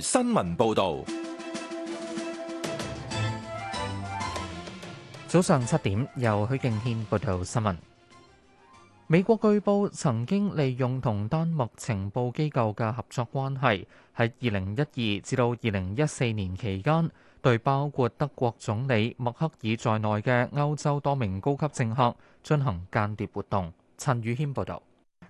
新聞報道。早上七點，由許敬軒報道新聞。美國據報曾經利用同丹麥情報機構嘅合作關係，喺二零一二至到二零一四年期間，對包括德國總理默克爾在內嘅歐洲多名高級政客進行間諜活動。陳宇謙報道。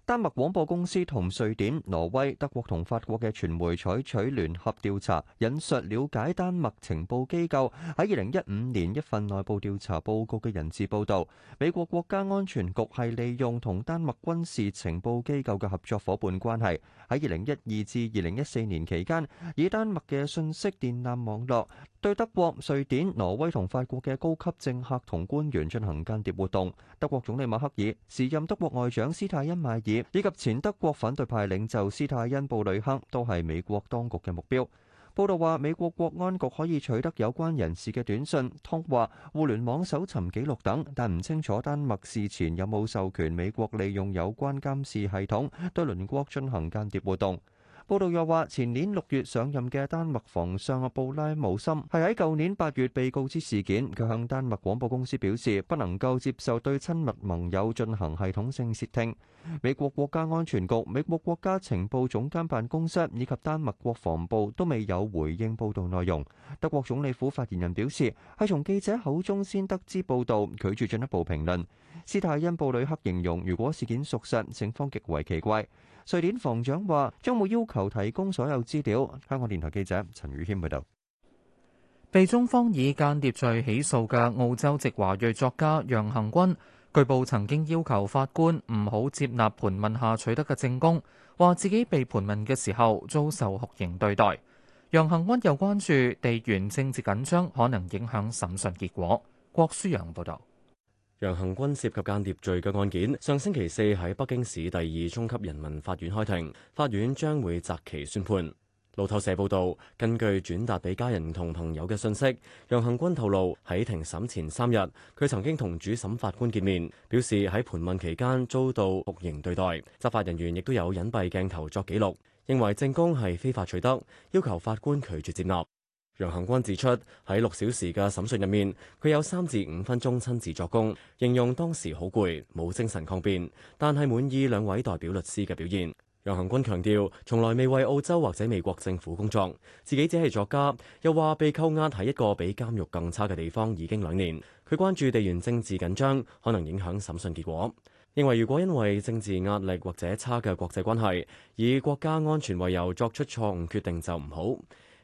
丹麥廣播公司同瑞典、挪威、德國同法國嘅傳媒採取聯合調查，引述了解丹麥情報機構喺二零一五年一份內部調查報告嘅人士報導，美國國家安全局係利用同丹麥軍事情報機構嘅合作夥伴關係，喺二零一二至二零一四年期間，以丹麥嘅信息電纜網絡對德國、瑞典、挪威同法國嘅高級政客同官員進行間諜活動。德國總理默克爾、時任德國外長施泰因邁爾。以及前德國反對派領袖斯泰恩布里克都係美國當局嘅目標。報道話美國國安局可以取得有關人士嘅短信、通話、互聯網搜尋紀錄等，但唔清楚丹麥事前有冇授權美國利用有關監視系統對鄰國進行間諜活動。報道又話，前年六月上任嘅丹麥防相阿布拉姆森係喺舊年八月被告知事件。佢向丹麥廣播公司表示，不能夠接受對親密盟友進行系統性竊聽。美國國家安全局、美國國家情報總監辦公室以及丹麥國防部都未有回應報道內容。德國總理府發言人表示，係從記者口中先得知報道，拒絕進一步評論。斯泰因布呂克形容，如果事件屬實，情況極為奇怪。瑞典防長話將會要求提供所有資料。香港電台記者陳宇軒報導。被中方以間諜罪起訴嘅澳洲籍華裔作家楊恆均，據報曾經要求法官唔好接納盤問下取得嘅證供，話自己被盤問嘅時候遭受酷刑對待。楊恆均又關注地緣政治緊張可能影響審訊結果。郭舒陽報道。楊恆均涉及間諜罪嘅案件，上星期四喺北京市第二中級人民法院開庭，法院將會擇期宣判。路透社報道，根據轉達俾家人同朋友嘅信息，楊恆均透露喺庭審前三日，佢曾經同主審法官見面，表示喺盤問期間遭到酷刑對待，執法人員亦都有隱蔽鏡頭作記錄，認為證供係非法取得，要求法官拒絕接納。楊恆均指出，喺六小時嘅審訊入面，佢有三至五分鐘親自作供，形容當時好攰，冇精神抗辯，但係滿意兩位代表律師嘅表現。楊恆均強調，從來未為澳洲或者美國政府工作，自己只係作家。又話被扣押喺一個比監獄更差嘅地方已經兩年，佢關注地緣政治緊張可能影響審訊結果，認為如果因為政治壓力或者差嘅國際關係，以國家安全為由作出錯誤決定就唔好。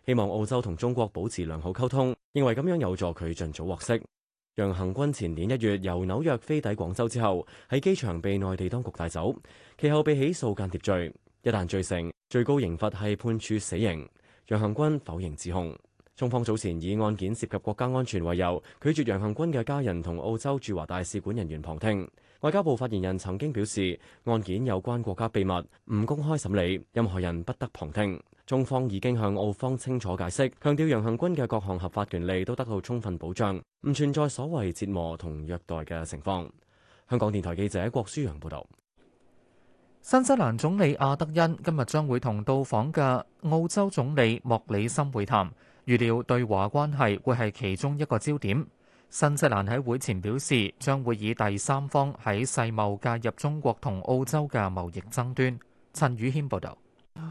希望澳洲同中國保持良好溝通，認為咁樣有助佢盡早獲釋。楊恆均前年一月由紐約飛抵廣州之後，喺機場被內地當局帶走，其後被起訴間諜罪。一旦罪成，最高刑罰係判處死刑。楊恆均否認指控。中方早前以案件涉及國家安全為由，拒絕楊恆均嘅家人同澳洲駐華大使館人員旁聽。外交部發言人曾經表示，案件有關國家秘密，唔公開審理，任何人不得旁聽。中方已經向澳方清楚解釋，強調楊行軍嘅各項合法權利都得到充分保障，唔存在所謂折磨同虐待嘅情況。香港電台記者郭舒陽報道。新西蘭總理阿德恩今日將會同到訪嘅澳洲總理莫里森會談，預料對華關係會係其中一個焦點。新西蘭喺會前表示，將會以第三方喺世貿介入中國同澳洲嘅貿易爭端。陳宇謙報道。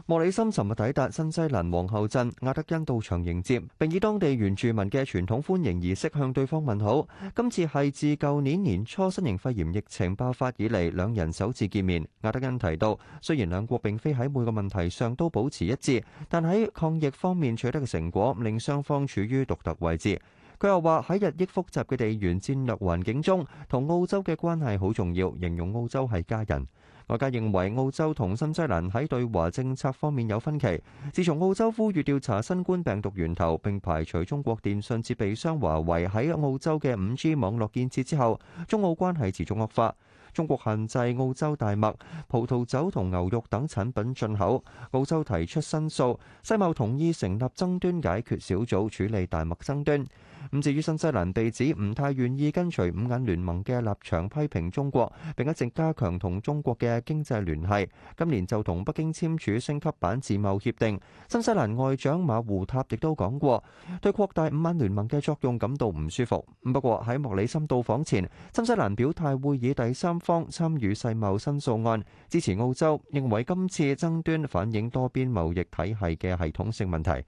莫里森尋日抵達新西蘭皇后鎮，阿德恩到場迎接，並以當地原住民嘅傳統歡迎儀式向對方問好。今次係自舊年年初新型肺炎疫情爆發以嚟兩人首次見面。阿德恩提到雖然兩國並非喺每個問題上都保持一致，但喺抗疫方面取得嘅成果令雙方處於獨特位置。佢又話，喺日益複雜嘅地緣戰略環境中，同澳洲嘅關係好重要，形容澳洲係家人。外界認為澳洲同新西蘭喺對華政策方面有分歧。自從澳洲呼籲調查新冠病毒源頭並排除中國電訊設備商華為喺澳洲嘅五 G 網絡建設之後，中澳關係持續惡化。中國限制澳洲大麥、葡萄酒同牛肉等產品進口，澳洲提出申訴。世貿同意成立爭端解決小組處理大麥爭端。咁至於新西蘭被指唔太願意跟隨五眼聯盟嘅立場批評中國，並一直加強同中國嘅經濟聯繫。今年就同北京簽署升級版自貿協定。新西蘭外長馬胡塔亦都講過，對擴大五眼聯盟嘅作用感到唔舒服。不過喺莫里森到訪前，新西蘭表態會以第三方參與世貿申訴案，支持澳洲，認為今次爭端反映多邊貿易體系嘅系統性問題。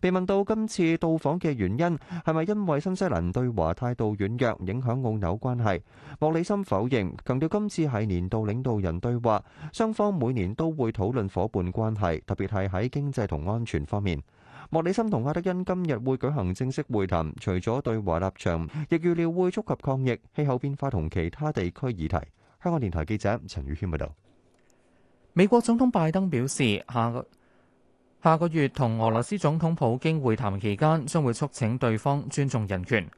被問到今次到訪嘅原因係咪因為新西蘭對華態度軟弱影響澳紐關係，莫里森否認，強調今次係年度領導人對話，雙方每年都會討論夥伴關係，特別係喺經濟同安全方面。莫里森同阿德恩今日會舉行正式會談，除咗對華立場，亦預料會觸及抗疫、氣候變化同其他地區議題。香港電台記者陳宇軒報導。美國總統拜登表示，下個下個月同俄羅斯總統普京會談期間，將會促請對方尊重人權。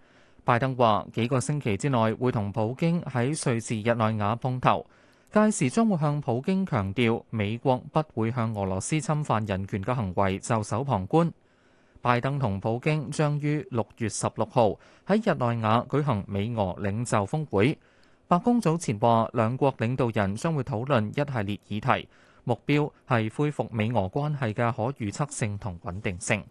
拜登話幾個星期之內會同普京喺瑞士日內瓦碰頭，屆時將會向普京強調美國不會向俄羅斯侵犯人權嘅行為袖手旁觀。拜登同普京將於六月十六號喺日內瓦舉行美俄領袖峰會。白宮早前話兩國領導人將會討論一系列議題。目標係恢復美俄關係嘅可預測性同穩定性。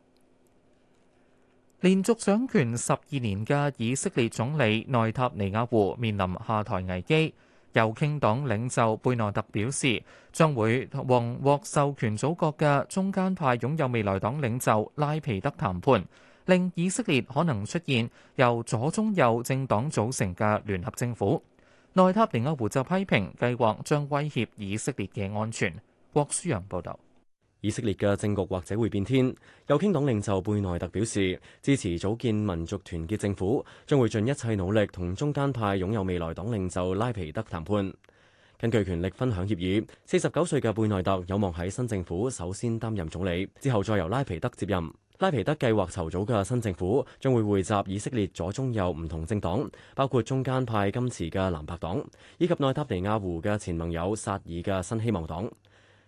連續掌權十二年嘅以色列總理內塔尼亞胡面臨下台危機，右傾黨領袖貝內特表示將會同獲授權組閣嘅中間派擁有未來黨領袖拉皮德談判，令以色列可能出現由左中右政黨組成嘅聯合政府。內塔尼亞胡就批評計劃將威脅以色列嘅安全。郭書洋報道，以色列嘅政局或者會變天。右傾黨領袖貝內特表示支持組建民族團結政府，將會盡一切努力同中間派擁有未來黨領袖拉皮德談判。根據權力分享協議，四十九歲嘅貝內特有望喺新政府首先擔任總理，之後再由拉皮德接任。拉皮德計劃籌組嘅新政府將會匯集以色列左、中、右唔同政黨，包括中間派甘茨嘅藍白黨，以及內塔尼亞胡嘅前盟友薩爾嘅新希望黨。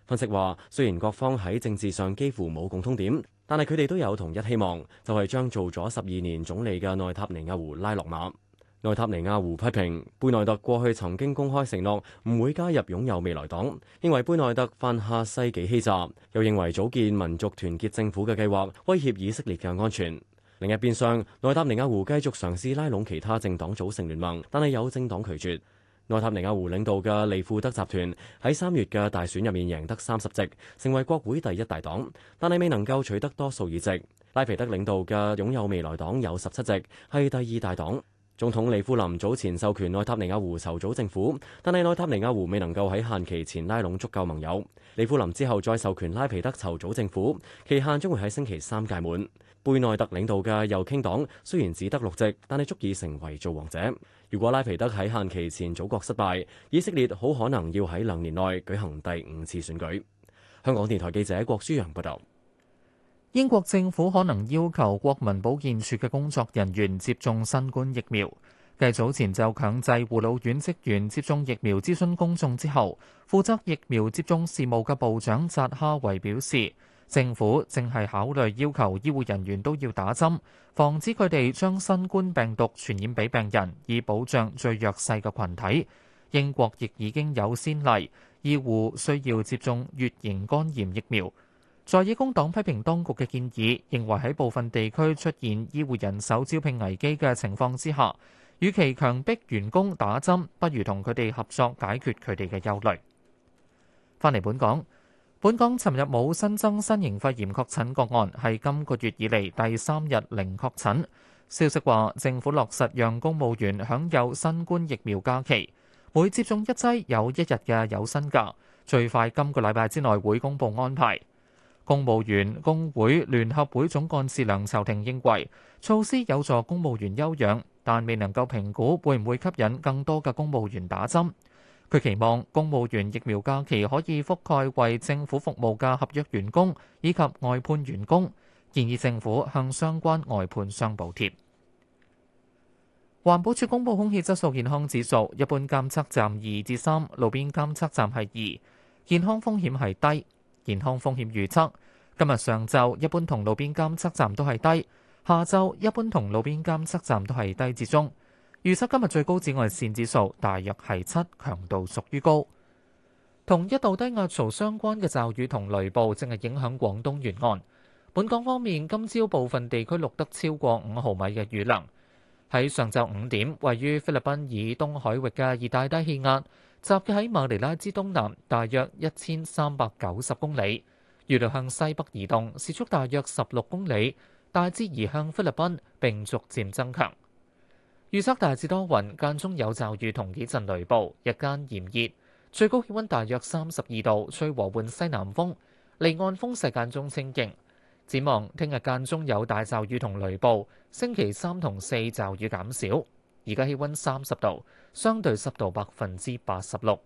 分析話，雖然各方喺政治上幾乎冇共通點，但係佢哋都有同一希望，就係、是、將做咗十二年總理嘅內塔尼亞胡拉落馬。內塔尼亞胡批評貝內特過去曾經公開承諾唔會加入擁有未來黨，認為貝內特犯下世紀欺詐，又認為組建民族團結政府嘅計劃威脅以色列嘅安全。另一邊廂，內塔尼亞胡繼續嘗試拉攏其他政黨組成聯盟，但係有政黨拒絕。內塔尼亞胡領導嘅利庫德集團喺三月嘅大選入面贏得三十席，成為國會第一大黨，但係未能夠取得多數議席。拉皮德領導嘅擁有未來黨有十七席，係第二大黨。總統里夫林早前授權內塔尼亞胡籌組政府，但係內塔尼亞胡未能夠喺限期前拉攏足夠盟友。里夫林之後再授權拉皮德籌組政府，期限將會喺星期三屆滿。貝內特領導嘅右傾黨雖然只得六席，但係足以成為造王者。如果拉皮德喺限期前組閣失敗，以色列好可能要喺兩年內舉行第五次選舉。香港電台記者郭舒洋報道。英國政府可能要求國民保健署嘅工作人員接種新冠疫苗。繼早前就強制護老院職員接種疫苗諮詢公眾之後，負責疫苗接種事務嘅部長扎哈維表示，政府正係考慮要求醫護人員都要打針，防止佢哋將新冠病毒傳染俾病人，以保障最弱勢嘅群體。英國亦已經有先例，醫護需要接種乙型肝炎疫苗。在野工黨批評當局嘅建議，認為喺部分地區出現醫護人手招聘危機嘅情況之下，與其強迫員工打針，不如同佢哋合作解決佢哋嘅憂慮。翻嚟本港，本港尋日冇新增新型肺炎確診個案，係今個月以嚟第三日零確診。消息話政府落實讓公務員享有新冠疫苗假期，每接種一劑有一日嘅有薪假，最快今個禮拜之內會公布安排。公務員工會聯合會總幹事梁籌庭認為，措施有助公務員休養，但未能夠評估會唔會吸引更多嘅公務員打針。佢期望公務員疫苗假期可以覆蓋為政府服務嘅合約員工以及外判員工，建議政府向相關外判商補貼。環保署公布空氣質素健康指數，一般監測站二至三，路邊監測站係二，健康風險係低。健康風險預測，今日上晝一般同路邊監測站都係低，下晝一般同路邊監測站都係低至中。預測今日最高紫外線指數大約係七，強度屬於高。同一度低壓槽相關嘅驟雨同雷暴正係影響廣東沿岸。本港方面，今朝部分地區錄得超過五毫米嘅雨量。喺上晝五點，位於菲律賓以東海域嘅熱帶低氣壓，集結喺馬尼拉之東南，大約一千三百九十公里，預料向西北移動，時速大約十六公里，大致移向菲律賓，並逐漸增強。預測大致多雲，間中有驟雨同幾陣雷暴，日間炎熱，最高氣溫大約三十二度，吹和緩西南風，離岸風勢間中清勁。展望聽日間中有大驟雨同雷暴，星期三同四驟雨減少。而家氣溫三十度。相對濕度百分之八十六。